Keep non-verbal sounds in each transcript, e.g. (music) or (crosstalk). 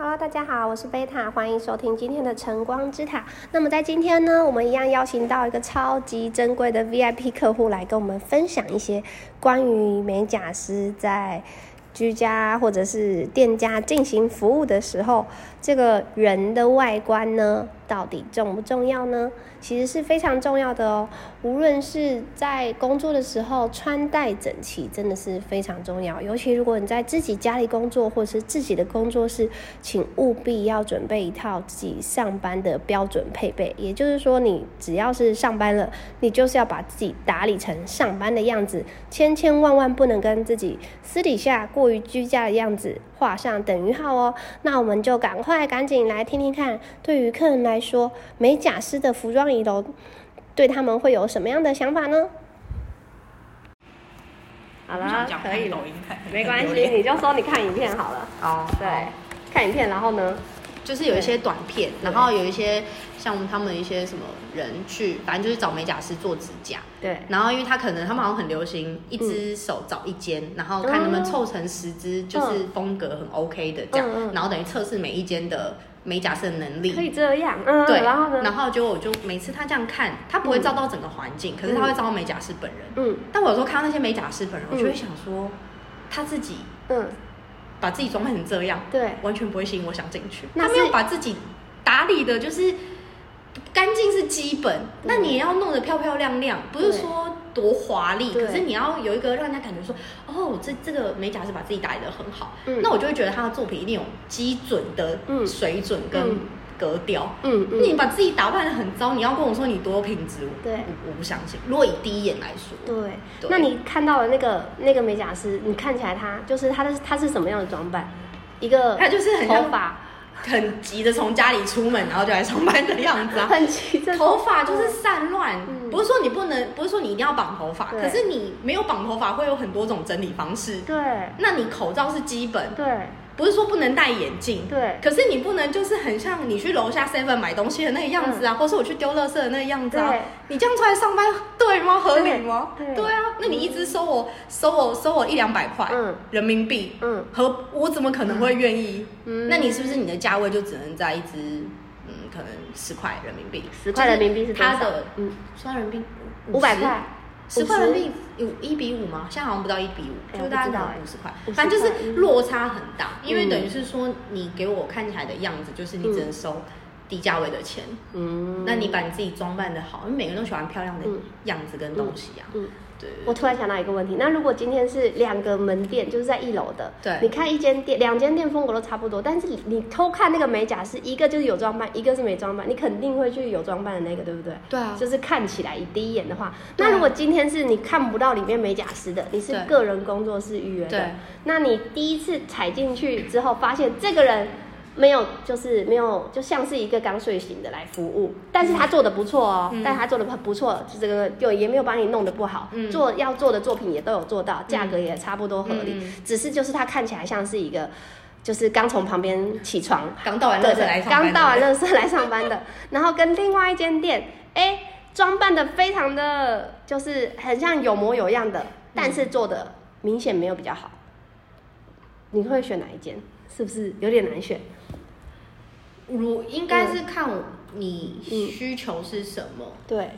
哈嘍，Hello，大家好，我是貝塔，歡迎收聽今天的晨光之塔。那麼在今天呢，我們一樣邀請到一個超級珍貴的 VIP 客戶來跟我們分享一些關於美甲師在居家或者是店家進行服務的時候，這個人的外觀呢。到底重不重要呢？其實是非常重要的哦。無論是在工作的時候，穿戴整齊真的是非常重要。尤其如果你在自己家裡工作，或是自己的工作室，請務必要準備一套自己上班的標準配備。也就是說，你只要是上班了，你就是要把自己打理成上班的樣子，千千萬萬不能跟自己私底下過於居家的樣子。畫上等於號哦，那我們就趕快趕緊來聽聽看，對於客人來說，美甲師的服裝儀容對他們會有什麼樣的想法呢？好了，可以了，沒關係，你就說你看影片好了。啊，oh, 對，oh. 看影片，然後呢？就是有一些短片，然後有一些像他們一些什麼人去，反正就是找美甲師做指甲。對。然後因為他可能他們好像很流行一隻手找一間，然後看能不能湊成十隻，就是風格很 OK 的這樣。然後等於測試每一間的美甲師的能力。可以這樣。嗯。對。然後呢？然後結果我就每次他這樣看，他不會照到整個環境，可是他會照到美甲師本人。嗯。但我有時候看到那些美甲師本人，我就會想說，他自己。嗯。把自己裝扮成這樣，對，完全不會吸引我想進去。那是他沒有把自己打理的，就是乾淨是基本，那、嗯、你也要弄得漂漂亮亮，不是說多華麗，對可是你要有一個讓人家感覺說，對哦，這這個美甲是把自己打理得很好，嗯、那我就會覺得他的作品一定有基準的水準跟、嗯。嗯格調，嗯，你把自己打扮得很糟，你要跟我說你多有品質，對，我，我我不相信。如果以第一眼來說，對，那你看到了那個那個美甲師，你看起來他就是他的他是什麼樣的裝扮？一個，他就是很像很急的從家裡出門，然後就來上班的樣子啊，很急，頭髮就是散亂。不是說你不能，不是說你一定要綁頭髮，可是你沒有綁頭髮，會有很多種整理方式。對，那你口罩是基本，對。不是說不能戴眼鏡，對。可是你不能就是很像你去樓下 seven 買東西的那個樣子啊，或是我去丟垃圾的那個樣子啊。你這樣出來上班，對嗎？合理嗎？對啊，那你一直收我收我收我一兩百塊人民幣，嗯，和我怎麼可能會願意？嗯，那你是不是你的價位就只能在一支嗯，可能十塊人民幣，十塊人民幣是他的嗯，雙人民幣五百塊。十塊人民幣有一比五嗎？現在好像不到一比五，就大概五十塊，塊塊反正就是落差很大。嗯、因為等於是說，你給我看起來的樣子就是你只能收。嗯低價位的錢，嗯，嗯，那你把你自己裝扮得好，因為每個人都喜歡漂亮的樣子跟東西啊，嗯，嗯嗯對。我突然想到一個問題，那如果今天是兩個門店，就是在一樓的，對，你看一間店，兩間店風格都差不多，但是你偷看那個美甲師，一個就是有裝扮，一個是沒裝扮，你肯定會去有裝扮的那個，對不對？對啊。就是看起來，第一眼的話，啊、那如果今天是你看不到裡面美甲師的，你是個人工作室預約的，對對，那你第一次踩進去之後，發現這個人。沒有，就是沒有，就像是一個剛睡醒的來服務，但是他做的不錯哦，嗯、但他做的不錯，就這個就也沒有把你弄得不好，嗯、做要做的作品也都有做到，價格也差不多合理，嗯、只是就是他看起來像是一個，就是剛從旁邊起床，剛倒完垃圾來上班的，然後跟另外一間店，哎，裝扮的非常的，就是很像有模有樣的，嗯、但是做的明顯沒有比較好，嗯、你會選哪一間？是不是有點難選？如應該是看你需求是什麼？對，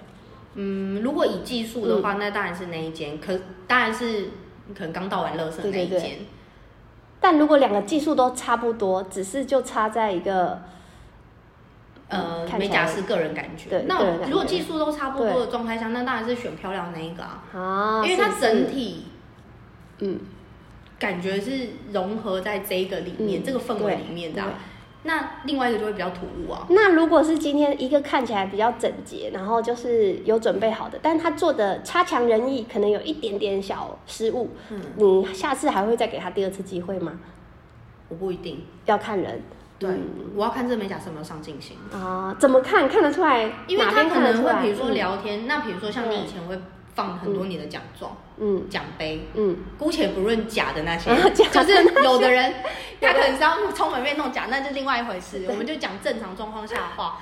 嗯，如果以技術的話，那當然是那一間，可當然是可能剛倒完垃圾那一間。對對對。但如果兩個技術都差不多，只是就差在一個，呃，美甲師個人感覺。對。那如果技術都差不多的狀態下，那當然是選漂亮那一個啊。因為它整體，嗯，感覺是融合在這個裡面，這個氛圍裡面的。那另外一個就會比較突兀啊。那如果是今天一個看起來比較整潔，然後就是有準備好的，但是他做的差強人意，可能有一點點小失誤，嗯、你下次還會再給他第二次機會嗎？我不一定，要看人，對，嗯、我要看這美甲是什麼上進心啊？怎麼看看得，看得出來？因為他可能會比如說聊天，嗯、那比如說像你以前會。放很多你的獎狀、獎杯，嗯，姑且不論假的那些，就是有的人他可能是要充門面弄假，那就另外一回事。我們就講正常狀況下的話，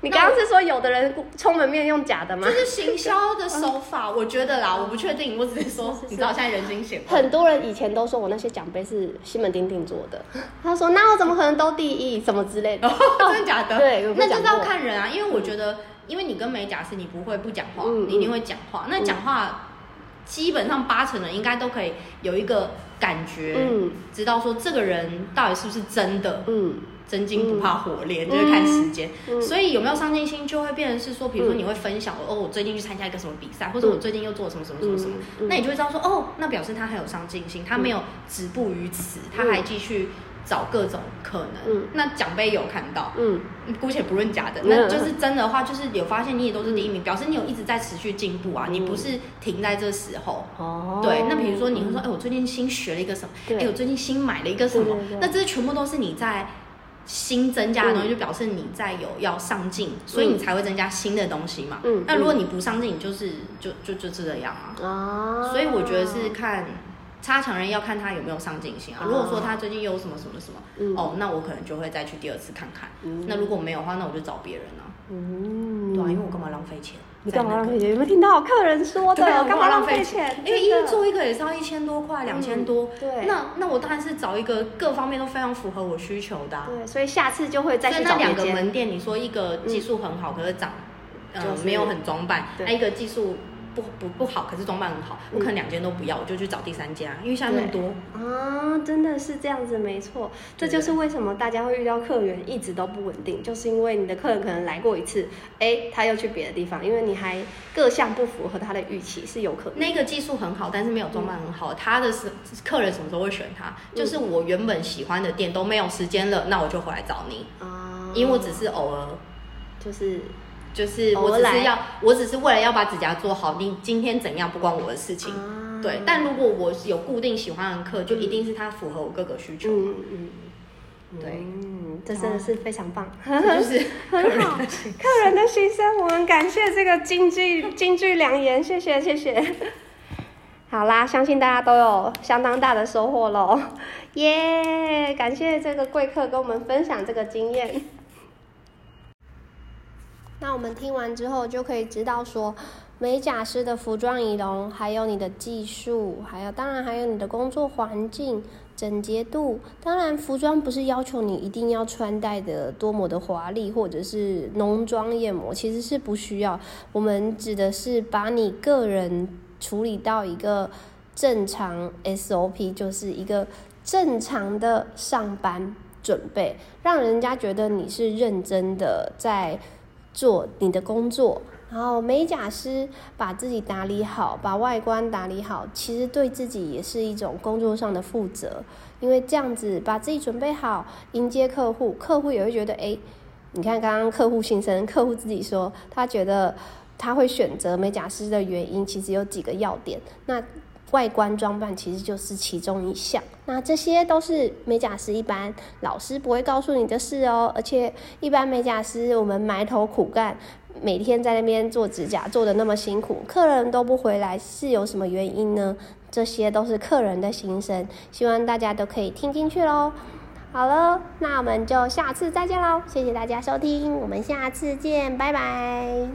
你剛剛是說有的人衝門面用假的嗎？就是行銷的手法，我覺得啦，我不確定，我只是說，你知道現在人心險。很多人以前都說我那些獎杯是西門町定做的，他說那我怎麼可能都第一，什麼之類的，真假的？對，那這是要看人啊，因為我覺得。因為你跟美甲師，你不會不講話，你一定會講話。那講話基本上八成人應該都可以有一個感覺，知道說這個人到底是不是真的。嗯，真金不怕火煉，就是看時間。所以有沒有上進心，就會變成是說，比如說你會分享哦，我最近去參加一個什麼比賽，或者我最近又做什麼什麼做什麼，那你就會知道說哦，那表示他還有上進心，他沒有止步於此，他還繼續。找各種可能，那獎杯有看到，嗯，姑且不論假的，那就是真的話，就是有發現你也都是第一名，表示你有一直在持續進步啊，你不是停在這時候，哦，對，那比如說你會說，哎，我最近新學了一個什麼，哎，我最近新買了一個什麼，那這些全部都是你在新增加的東西，就表示你在有要上進，所以你才會增加新的東西嘛，嗯，那如果你不上進，你就是就就就這樣啊，所以我覺得是看。差強人要看他有沒有上進心啊。如果說他最近又有什麼什麼什麼哦，那我可能就會再去第二次看看。那如果沒有的話，那我就找別人了。嗯，對啊，因為我幹嘛浪費錢？你干嘛浪費錢？有沒有聽到客人說的？幹嘛浪費錢？因為一做一個也是要一千多塊，兩千多。對，那那我當然是找一個各方面都非常符合我需求的。對，所以下次就會再去找。那兩個門店，你說一個技術很好，可是長呃沒有很裝扮，那一個技術。不不不好，可是裝扮很好，嗯、我可能兩間都不要，我就去找第三家，啊，因為現在那麼多啊，真的是這樣子，沒錯，這就是為什麼大家會遇到客源一直都不穩定，的就是因為你的客人可能來過一次，哎，他又去別的地方，因為你還各項不符合他的預期是有可能。那個技術很好，但是沒有裝扮很好，嗯、他的是客人什麼時候會選他？就是我原本喜歡的店都沒有時間了，那我就回來找你啊，嗯、因為我只是偶爾，就是。就是我只是要，哦、我只是為了要把指甲做好。你今天怎樣不關我的事情，嗯啊、對。但如果我有固定喜歡的客，嗯、就一定是他符合我各個需求。嗯嗯，對，嗯、這真的是非常棒， (laughs) 就是很好。客人的心聲 (laughs) 我們感謝這個金句，金句良言，謝謝謝謝。好啦，相信大家都有相當大的收穫嘍，耶、yeah！感謝這個貴客跟我們分享這個經驗。那我們聽完之後就可以知道，說美甲師的服裝儀容，還有你的技術，還有當然還有你的工作環境整潔度。當然，服裝不是要求你一定要穿戴得多麼的華麗，或者是濃妝豔抹，其實是不需要。我們指的是把你個人處理到一個正常 SOP，就是一個正常的上班準備，讓人家覺得你是認真的在。做你的工作，然後美甲師把自己打理好，把外觀打理好，其實對自己也是一種工作上的負責，因為這樣子把自己準備好迎接客戶，客戶也會覺得哎，你看剛剛客戶心聲，客戶自己說他覺得他會選擇美甲師的原因，其實有幾個要點，那。外觀裝扮其實就是其中一項，那這些都是美甲師一般老師不會告訴你的事哦、喔。而且一般美甲師我們埋頭苦幹，每天在那邊做指甲，做得那麼辛苦，客人都不回來，是有什麼原因呢？這些都是客人的心聲，希望大家都可以聽進去嘍。好了，那我們就下次再見嘍，謝謝大家收聽，我們下次見，拜拜。